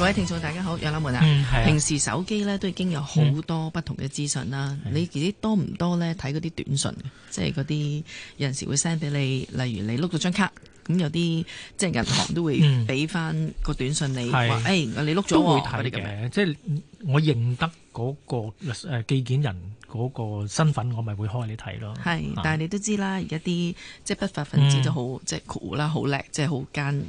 各位聽眾大家好，有樓門啊！平時手機咧都已經有好多不同嘅資訊啦、嗯啊。你其實多唔多咧睇嗰啲短信？是啊、即係嗰啲有陣時會 send 俾你，例如你碌咗張卡，咁有啲即係銀行都會俾翻個短信、嗯啊說啊哎、你，話誒你碌咗喎嗰啲咁嘅，即係我認得嗰、那個誒、呃、寄件人嗰個身份，我咪會開你睇咯。係、啊，但係你都知啦，而家啲即係不法分子都好即係酷啦，好、嗯、叻，即係好奸。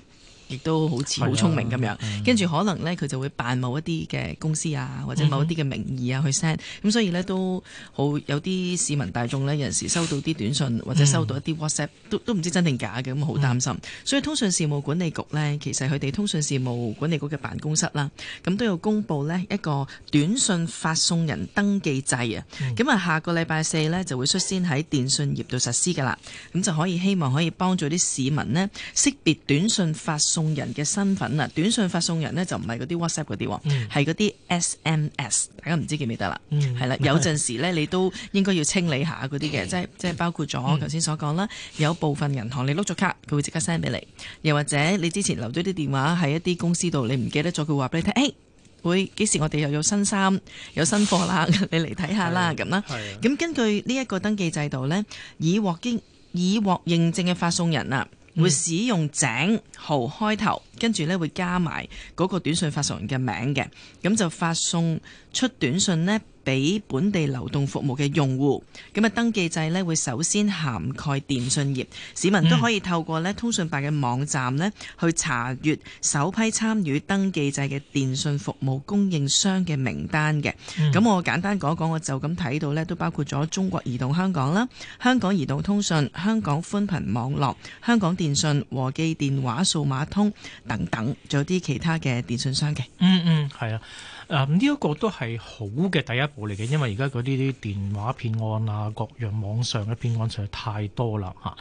亦都好似好聰明咁樣，跟住可能咧佢就會扮某一啲嘅公司啊，或者某一啲嘅名義啊、mm -hmm. 去 send，咁所以咧都好有啲市民大眾咧，有陣時收到啲短信或者收到一啲 WhatsApp 都都唔知真定假嘅，咁好擔心。Mm -hmm. 所以通訊事務管理局咧，其實佢哋通訊事務管理局嘅辦公室啦，咁都有公布咧一個短信發送人登記制啊，咁、mm、啊 -hmm. 下個禮拜四咧就會率先喺電信業度實施噶啦，咁就可以希望可以幫助啲市民咧識別短信發送送人嘅身份啊，短信發送人呢就唔係嗰啲 WhatsApp 嗰啲，係嗰啲 SMS，大家唔知記唔記得啦？係、嗯、啦，有陣時呢，你都應該要清理一下嗰啲嘅，即係即係包括咗頭先所講啦、嗯，有部分銀行你碌咗卡，佢會即刻 send 俾你，又或者你之前留咗啲電話喺一啲公司度，你唔記得咗，佢話俾你聽，誒、欸，會幾時我哋又有新衫、有新貨啦， 你嚟睇下啦，咁啦。咁根據呢一個登記制度呢，已獲經已獲認證嘅發送人啊。會使用井號開頭，跟住咧會加埋嗰個短訊發送人嘅名嘅，咁就發送出短訊呢，俾本地流動服務嘅用戶，咁啊，登記制呢會首先涵蓋電訊業，市民都可以透過呢通訊辦嘅網站呢去查閲首批參與登記制嘅電訊服務供應商嘅名單嘅。咁、嗯、我簡單講講，我就咁睇到呢都包括咗中國移動香港啦、香港移動通訊、香港寬頻網絡、香港電訊、和記電話、數碼通等等，仲有啲其他嘅電訊商嘅。嗯嗯，係啊，呢、嗯、一、個都係好嘅第一。我嚟嘅，因為而家嗰啲啲電話騙案啊，各樣網上嘅騙案實在太多啦吓。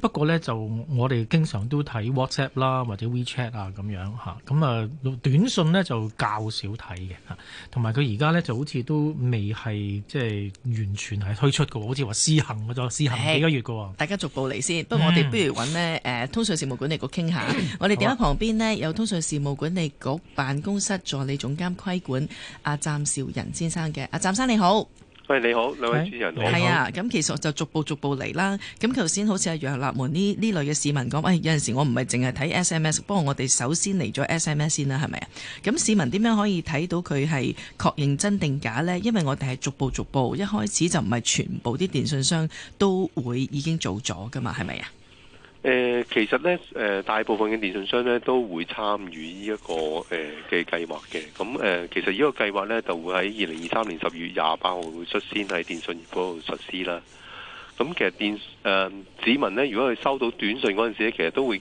不過呢，就我哋經常都睇 WhatsApp 啦，或者 WeChat 啊咁樣吓。咁啊，短信呢就較少睇嘅吓。同埋佢而家呢，就好似都未係即係完全係推出嘅，好似話試行咗試行幾個月嘅喎。大家逐步嚟先、嗯。不過我哋不如揾呢、啊、通訊事務管理局傾下。嗯、我哋點喺旁邊呢、啊，有通訊事務管理局辦公室助理總監規管阿湛兆仁先生嘅？湛生你好，喂、hey，你好，兩位主持人，係、hey. 啊，咁其實我就逐步逐步嚟啦。咁頭先好似阿楊立門呢呢類嘅市民講，喂、哎，有陣時候我唔係淨係睇 SMS，不過我哋首先嚟咗 SMS 先啦，係咪啊？咁市民點樣可以睇到佢係確認真定假呢？因為我哋係逐步逐步，一開始就唔係全部啲電信商都會已經做咗噶嘛，係咪啊？誒、呃、其實咧，誒、呃、大部分嘅電信商咧都會參與依、這、一個誒嘅、呃、計劃嘅。咁、呃、誒，其實呢個計劃咧就會喺二零二三年十二月廿八號會率先喺電信業嗰度實施啦。咁、嗯、其實電誒市、呃、民咧，如果佢收到短訊嗰陣時咧，其實都會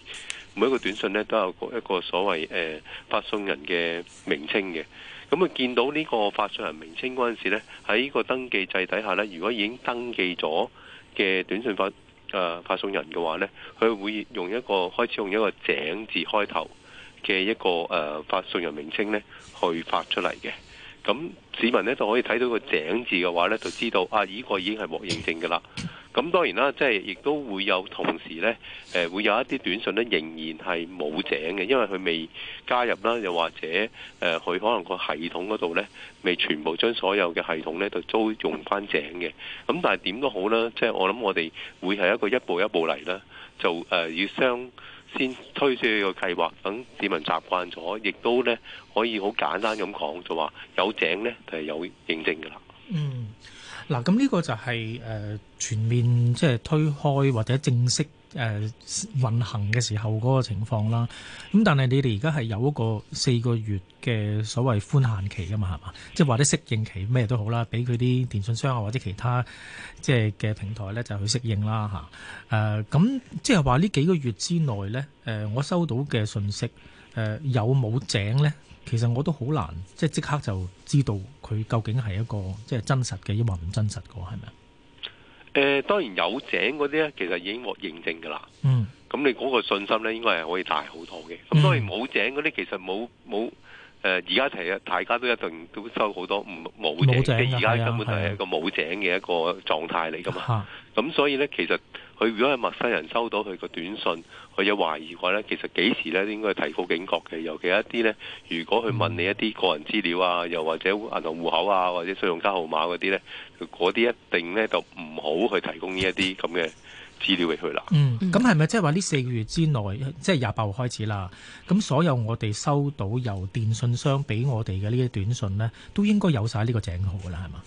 每一個短訊咧都有一個所謂誒、呃、發送人嘅名稱嘅。咁、嗯、佢見到呢個發送人名稱嗰陣時咧，喺呢個登記制底下咧，如果已經登記咗嘅短訊發呃，發送人嘅話咧，佢會用一個開始用一個井字開頭嘅一個誒、呃、發送人名稱咧，去發出嚟嘅。咁市民咧就可以睇到個井字嘅話咧，就知道啊，呢、這個已經係獲認證嘅啦。咁當然啦，即係亦都會有同時呢，誒會有一啲短訊呢，仍然係冇井嘅，因為佢未加入啦，又或者誒佢、呃、可能個系統嗰度呢，未全部將所有嘅系統呢都租用返井嘅。咁但係點都好咧，即係我諗我哋會係一個一步一步嚟啦，就誒、呃、要相先推出一個計劃，等市民習慣咗，亦都咧可以好簡單咁講，就話有井呢，就係、是、有認證嘅啦。嗯。嗱，咁呢個就係、是、誒、呃、全面即係推開或者正式誒、呃、運行嘅時候嗰個情況啦。咁但係你哋而家係有一個四個月嘅所謂寬限期㗎嘛，係嘛？即係話啲適應期咩都好啦，俾佢啲電信商啊或者其他即係嘅平台咧就去適應啦嚇。咁即係話呢幾個月之內咧，誒、呃、我收到嘅信息誒、呃、有冇井咧？其實我都好難，即係即刻就知道佢究竟係一個即係真實嘅，抑或唔真實嘅，係咪？誒，當然有井嗰啲咧，其實已經獲認證噶啦。嗯。咁你嗰個信心咧，應該係可以大好多嘅。咁當然冇井嗰啲，其實冇冇誒，而家其實大家都一定都收好多唔冇井。冇井嘅。而家根本就係一個冇井嘅一個狀態嚟噶嘛。吓。咁所以咧，其實。佢如果係陌生人收到佢個短信，佢有懷疑嘅話呢，其實幾時呢應該提高警覺嘅。尤其一啲呢，如果佢問你一啲個人資料啊，又或者銀行戶口啊，或者信用卡號碼嗰啲呢，佢嗰啲一定呢就唔好去提供呢一啲咁嘅資料俾佢啦。嗯，咁係咪即係話呢四個月之內，即係廿八號開始啦？咁所有我哋收到由電信商俾我哋嘅呢啲短信呢，都應該有晒呢個井號㗎啦，係嘛？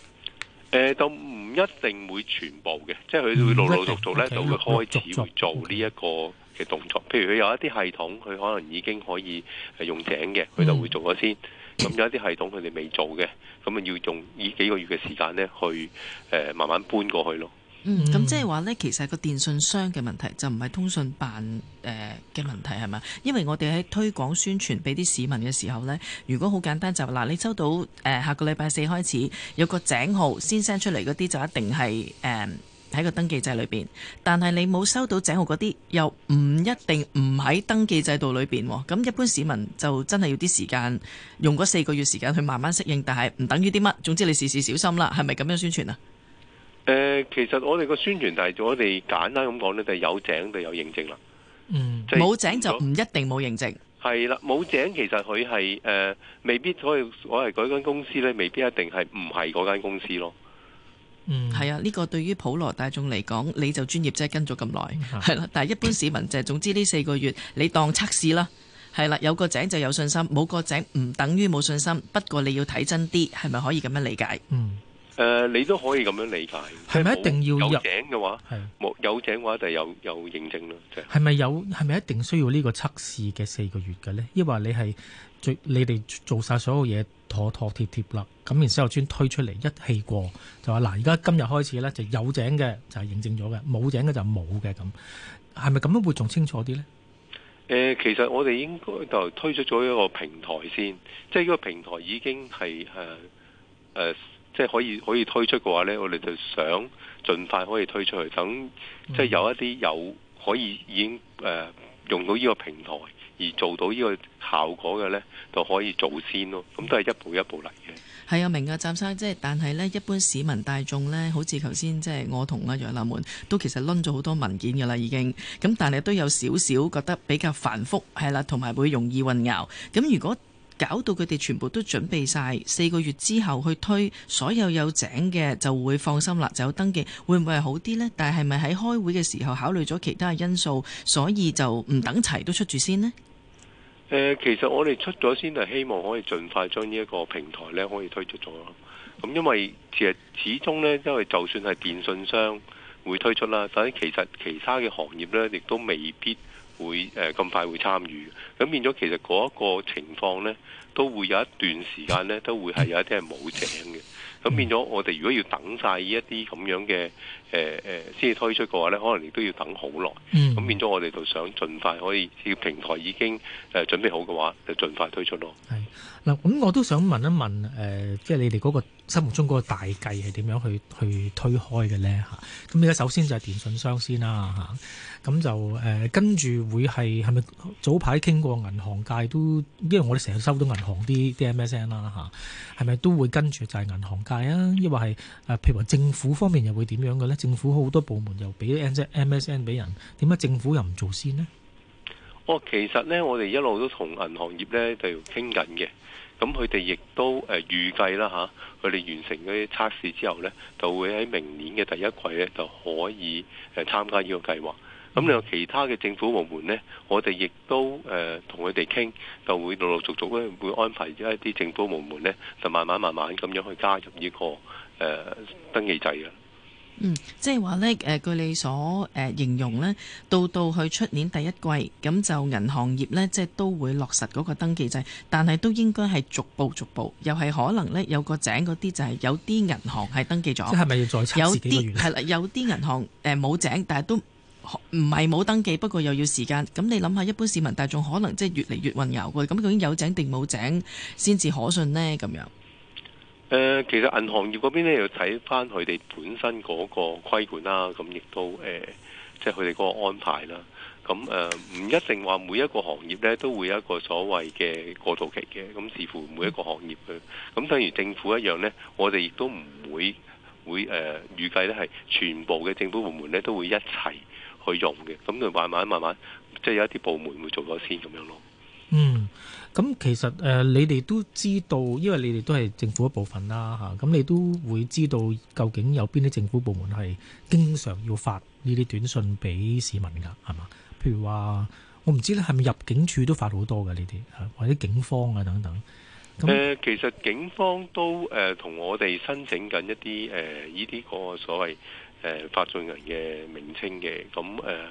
誒、呃、就唔一定會全部嘅，即係佢會陸,陸陸續續咧就會開始會做呢一個嘅動作。譬、嗯、如佢有一啲系統，佢可能已經可以係用井嘅，佢就會做咗先。咁、嗯、有一啲系統佢哋未做嘅，咁啊要用呢幾個月嘅時間咧去誒、呃、慢慢搬過去咯。嗯，咁即係話呢，其實個電信商嘅問題就唔係通訊辦誒嘅問題係咪？因為我哋喺推廣宣傳俾啲市民嘅時候呢，如果好簡單就嗱、是，你收到誒下個禮拜四開始有個井號先 send 出嚟嗰啲就一定係誒喺個登記制裏邊，但係你冇收到井號嗰啲又唔一定唔喺登記制度裏邊。咁一般市民就真係要啲時間用嗰四個月時間去慢慢適應，但係唔等於啲乜。總之你事事小心啦，係咪咁樣宣傳啊？誒、呃，其實我哋個宣傳就係我哋簡單咁講呢，就係有井就有認證啦。嗯，冇井就唔一定冇認證。係啦，冇井其實佢係誒，未必所謂嗰間公司咧，未必一定係唔係嗰間公司咯。嗯，係啊，呢個對於普羅大眾嚟講，你就專業啫，跟咗咁耐係啦。但係一般市民就係，總之呢四個月，你當測試啦。係啦，有個井就有信心，冇個井唔等於冇信心。不過你要睇真啲，係咪可以咁樣理解？嗯。誒、呃，你都可以咁樣理解。係咪一定要有，有井嘅話？係冇有，有井嘅話就有有認證咯。即係係咪有？係咪一定需要呢個測試嘅四個月嘅咧？抑或你係最你哋做晒所有嘢妥妥貼貼啦？咁然之後先推出嚟，一氣過就話嗱，而家今日開始咧，就有井嘅就係認證咗嘅，冇井嘅就冇嘅咁。係咪咁樣會仲清楚啲咧？誒、呃，其實我哋應該就推出咗一個平台先，即係呢個平台已經係誒誒。呃呃即係可以可以推出嘅話呢，我哋就想盡快可以推出去。等即係有一啲有可以已經誒、呃、用到呢個平台而做到呢個效果嘅呢，就可以先做先咯。咁都係一步一步嚟嘅。係啊，明啊，湛生即係，但係呢，一般市民大眾呢，好似頭先即係我同阿楊立門都其實攆咗好多文件㗎啦，已經咁，但係都有少少覺得比較繁複係啦，同埋、啊、會容易混淆。咁如果搞到佢哋全部都準備晒，四個月之後去推，所有有井嘅就會放心啦，就有登記，會唔會係好啲呢？但係係咪喺開會嘅時候考慮咗其他嘅因素，所以就唔等齊都出住先呢？誒、呃，其實我哋出咗先係希望可以盡快將呢一個平台咧可以推出咗。咁因為其實始終呢，因為就算係電訊商會推出啦，但係其實其他嘅行業咧亦都未必。會、呃、咁快會參與，咁變咗其實嗰一個情況呢，都會有一段時間呢，都會係有一啲係冇井嘅。咁變咗我哋如果要等晒呢一啲咁樣嘅誒誒先至推出嘅話呢，可能亦都要等好耐。咁變咗我哋就想盡快可以，只要平台已經誒、呃、準備好嘅話，就盡快推出咯。係。嗱，咁我都想問一問，呃、即係你哋嗰個心目中嗰個大計係點樣去去推開嘅咧？咁而家首先就係電信商先啦、啊，嚇、啊，咁就、呃、跟住會係係咪早排傾過銀行界都，因為我哋成日收到銀行啲啲 MSN 啦、啊，係、啊、咪都會跟住就係銀行界啊？抑或係、啊、譬如話政府方面又會點樣嘅咧？政府好多部門又俾 MSN 俾人，點解政府又唔做先呢？我、哦、其實呢，我哋一路都同銀行業呢就傾緊嘅。咁佢哋亦都預計啦吓，佢哋完成嗰啲測試之後呢，就會喺明年嘅第一季呢就可以參加呢個計劃。咁另外其他嘅政府部門，門呢，我哋亦都同佢哋傾，就會陸陸續續咧會安排一啲政府部門，門呢，就慢慢慢慢咁樣去加入呢、呢個誒、呃、登記制。嗯，即係話咧，誒、呃，據你所誒形容咧，到到去出年第一季，咁就銀行業咧，即係都會落實嗰個登記制，但係都應該係逐步逐步，又係可能咧有個井嗰啲，就係有啲銀行係登記咗。即係咪要再查自己啦，有啲銀行誒冇、呃、井，但係都唔係冇登記，不過又要時間。咁你諗下，一般市民大眾可能即係越嚟越混淆㗎。咁究竟有井定冇井先至可信呢，咁樣？呃、其實銀行業嗰邊咧，要睇翻佢哋本身嗰個規管啦，咁亦都即係佢哋個安排啦。咁呃、唔一定話每一個行業咧都會有一個所謂嘅過渡期嘅。咁視乎每一個行業嘅。咁等如政府一樣咧，我哋亦都唔會會誒、呃、預計咧係全部嘅政府部門咧都會一齊去用嘅。咁就慢慢慢慢，即係有一啲部門會做咗先咁樣咯。嗯，咁其實誒、呃，你哋都知道，因為你哋都係政府一部分啦吓，咁、啊、你都會知道究竟有邊啲政府部門係經常要發呢啲短信俾市民噶，係嘛？譬如話我唔知咧，係咪入境處都發好多嘅呢啲，或者警方啊等等。誒、呃，其實警方都誒同、呃、我哋申請緊一啲誒呢啲個所謂誒發送人嘅名稱嘅，咁誒。呃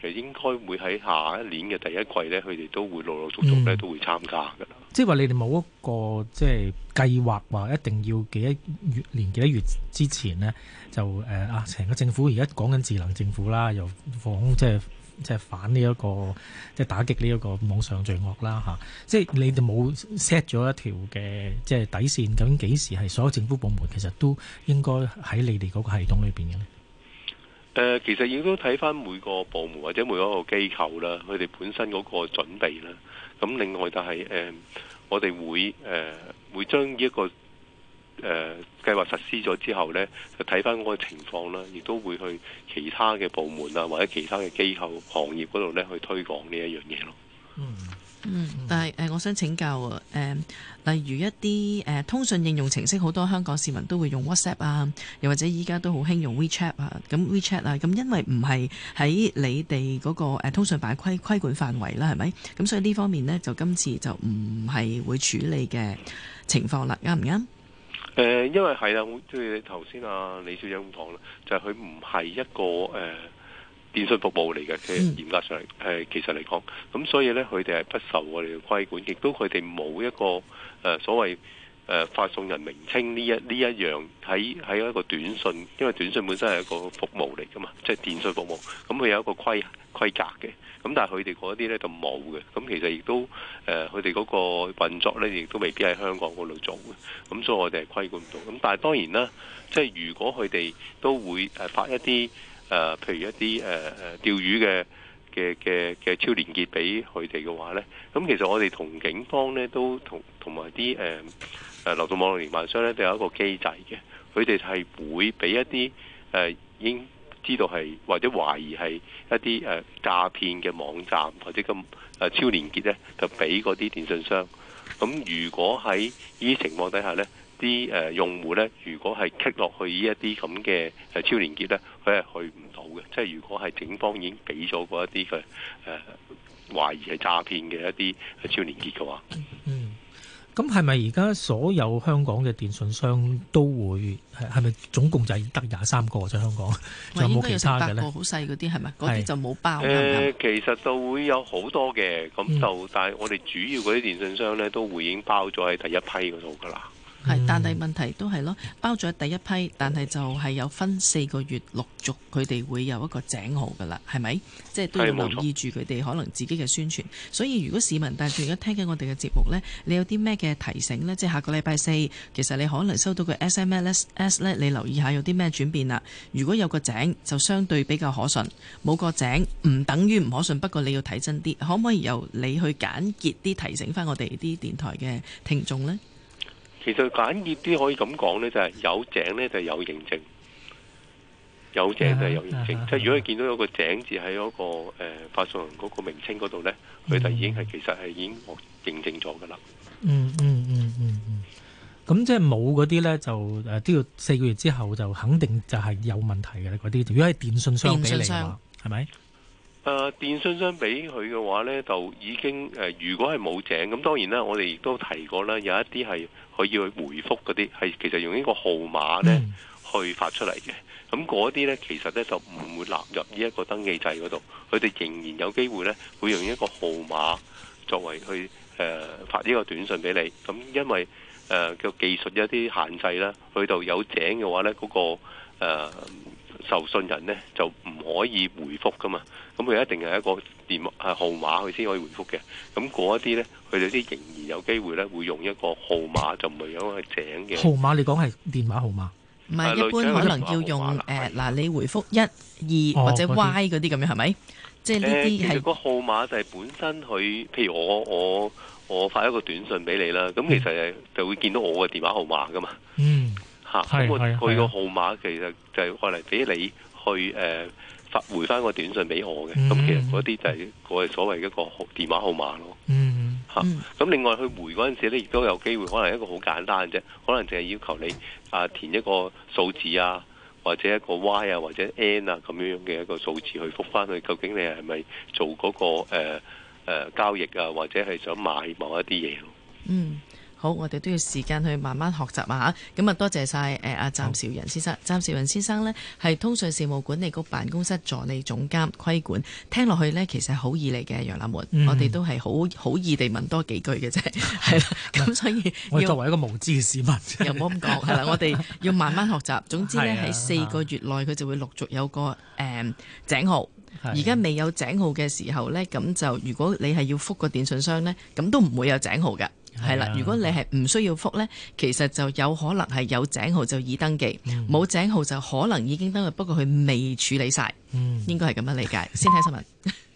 其實應該會喺下一年嘅第一季咧，佢哋都會陸陸續續咧，都會參加㗎啦、嗯。即係話你哋冇一個即係計劃話，一定要幾多月、年幾多月之前咧，就誒啊，成、呃、個政府而家講緊智能政府啦，又防即係即係反呢、這、一個即係打擊呢一個網上罪惡啦吓。即係你哋冇 set 咗一條嘅即係底線，咁幾時係所有政府部門其實都應該喺你哋嗰個系統裏邊嘅咧？誒、呃，其實亦都睇翻每個部門或者每一個機構啦，佢哋本身嗰個準備啦。咁另外就係、是、誒、呃，我哋會誒、呃、會將呢一個誒計劃實施咗之後呢，就睇翻嗰個情況啦，亦都會去其他嘅部門啊，或者其他嘅機構行業嗰度呢，去推廣呢一樣嘢咯。嗯。嗯，但係誒，我想請教啊，誒，例如一啲誒通訊應用程式，好多香港市民都會用 WhatsApp 啊，又或者依家都好興用 WeChat 啊，咁 WeChat 啊，咁因為唔係喺你哋嗰個誒通訊辦法規規管範圍啦，係咪？咁所以呢方面呢，就今次就唔係會處理嘅情況啦，啱唔啱？誒，因為係啦，即係頭先啊李小姐咁講啦，就係佢唔係一個誒。電信服務嚟嘅，即嚴格上嚟，係其實嚟講，咁所以咧，佢哋係不受我哋嘅規管，亦都佢哋冇一個誒、呃、所謂誒、呃、發送人名稱呢一呢一樣喺喺一個短訊，因為短訊本身係一個服務嚟噶嘛，即、就是、電信服務，咁、嗯、佢有一個規規格嘅，咁、嗯、但係佢哋嗰啲咧就冇嘅，咁、嗯、其實亦都誒佢哋嗰個運作咧，亦都未必喺香港嗰度做嘅，咁、嗯、所以我哋係規管唔到，咁、嗯、但係當然啦，即係如果佢哋都會誒發一啲。誒、呃，譬如一啲誒誒釣魚嘅嘅嘅嘅超連結俾佢哋嘅話咧，咁其實我哋同警方咧都同同埋啲誒誒流動網絡營辦商咧都有一個機制嘅，佢哋係會俾一啲誒、呃、已經知道係或者懷疑係一啲誒、呃、詐騙嘅網站或者咁誒超連結咧，就俾嗰啲電信商。咁如果喺呢啲情況底下咧，啲誒用戶咧，如果係 click 落去呢一啲咁嘅係超連結咧，佢係去唔到嘅。即係如果係警方已經俾咗嗰一啲嘅誒懷疑係詐騙嘅一啲超連結嘅話，嗯，咁係咪而家所有香港嘅電信商都會係咪？總共23就係得廿三個啫？香港有冇其他嘅咧？好細嗰啲係咪？嗰啲就冇包。誒、嗯嗯，其實就會有好多嘅，咁就但係我哋主要嗰啲電信商咧，都會已經包咗喺第一批嗰度噶啦。係，但係問題都係咯，包咗第一批，但係就係有分四個月，陸續佢哋會有一個井號㗎喇，係咪？即係都要留意住佢哋可能自己嘅宣傳。所以如果市民大眾而家聽緊我哋嘅節目呢，你有啲咩嘅提醒呢？即係下個禮拜四，其實你可能收到個 SMS 呢，你留意下有啲咩轉變啦。如果有個井，就相對比較可信；冇個井，唔等於唔可信。不過你要睇真啲，可唔可以由你去簡潔啲提醒返我哋啲電台嘅聽眾呢？其實簡易啲可以咁講咧，就係有井咧就有認證，有井就係有認證。即係如果你見到有個井字喺嗰個誒、呃、發送人嗰個名稱嗰度咧，佢就已經係、嗯、其實係已經獲認證咗噶啦。嗯嗯嗯嗯嗯。咁、嗯嗯嗯、即係冇嗰啲咧，就誒都要四個月之後就肯定就係有問題嘅啦。嗰啲如果係電信商畀你。係咪？是啊！電信相比佢嘅話呢，就已經誒、呃，如果係冇井咁，當然啦，我哋亦都提過啦，有一啲係可以去回覆嗰啲，係其實用呢個號碼呢去發出嚟嘅。咁嗰啲呢，其實呢就唔會納入呢一個登記制嗰度，佢哋仍然有機會呢會用一個號碼作為去誒、呃、發呢個短信俾你。咁因為誒個、呃、技術有一啲限制啦，去到有井嘅話呢，嗰、嗰個、呃受信人咧就唔可以回覆噶嘛，咁佢一定係一個電話係號碼，佢先可以回覆嘅。咁嗰一啲咧，佢哋啲仍然有機會咧，會用一個號碼就唔係用佢請嘅號碼。你講係電話號碼，唔係、啊、一般可能要用誒嗱，你回覆一二、哦、或者 Y 嗰啲咁樣係咪？即係呢啲係個號碼就係本身佢，譬如我我我發一個短訊俾你啦，咁其實就會見到我嘅電話號碼噶嘛。嗯。吓、啊，佢個號碼其實就係用嚟俾你去誒發、呃、回翻個短信俾我嘅，咁、嗯、其實嗰啲就係我哋所謂一個電話號碼咯。嗯，吓、嗯，咁、啊、另外去回嗰陣時咧，亦都有機會可能一個好簡單嘅啫，可能淨係要求你啊填一個數字啊，或者一個 Y 啊或者 N 啊咁樣嘅一個數字去覆翻佢，究竟你係咪做嗰、那個誒誒、呃呃、交易啊，或者係想買某一啲嘢咯？嗯。好，我哋都要時間去慢慢學習啊！咁啊，多謝晒誒阿湛兆仁先生。湛兆仁先生呢，係通訊事務管理局辦公室助理總監規管。聽落去呢，其實好易嚟嘅，楊立門、嗯，我哋都係好好易地問多幾句嘅啫，係、嗯、啦。咁所以我作為一個無知嘅市民，又唔好咁講係啦。我哋要慢慢學習。總之呢，喺四個月內佢就會陸續有個誒、呃、井號。而家未有井號嘅時候呢，咁就如果你係要覆個電信商呢，咁都唔會有井號嘅。係啦，如果你係唔需要覆呢，其實就有可能係有井號就已登記，冇、嗯、井號就可能已經登記，不過佢未處理晒，嗯、應該係咁樣理解。先睇新聞。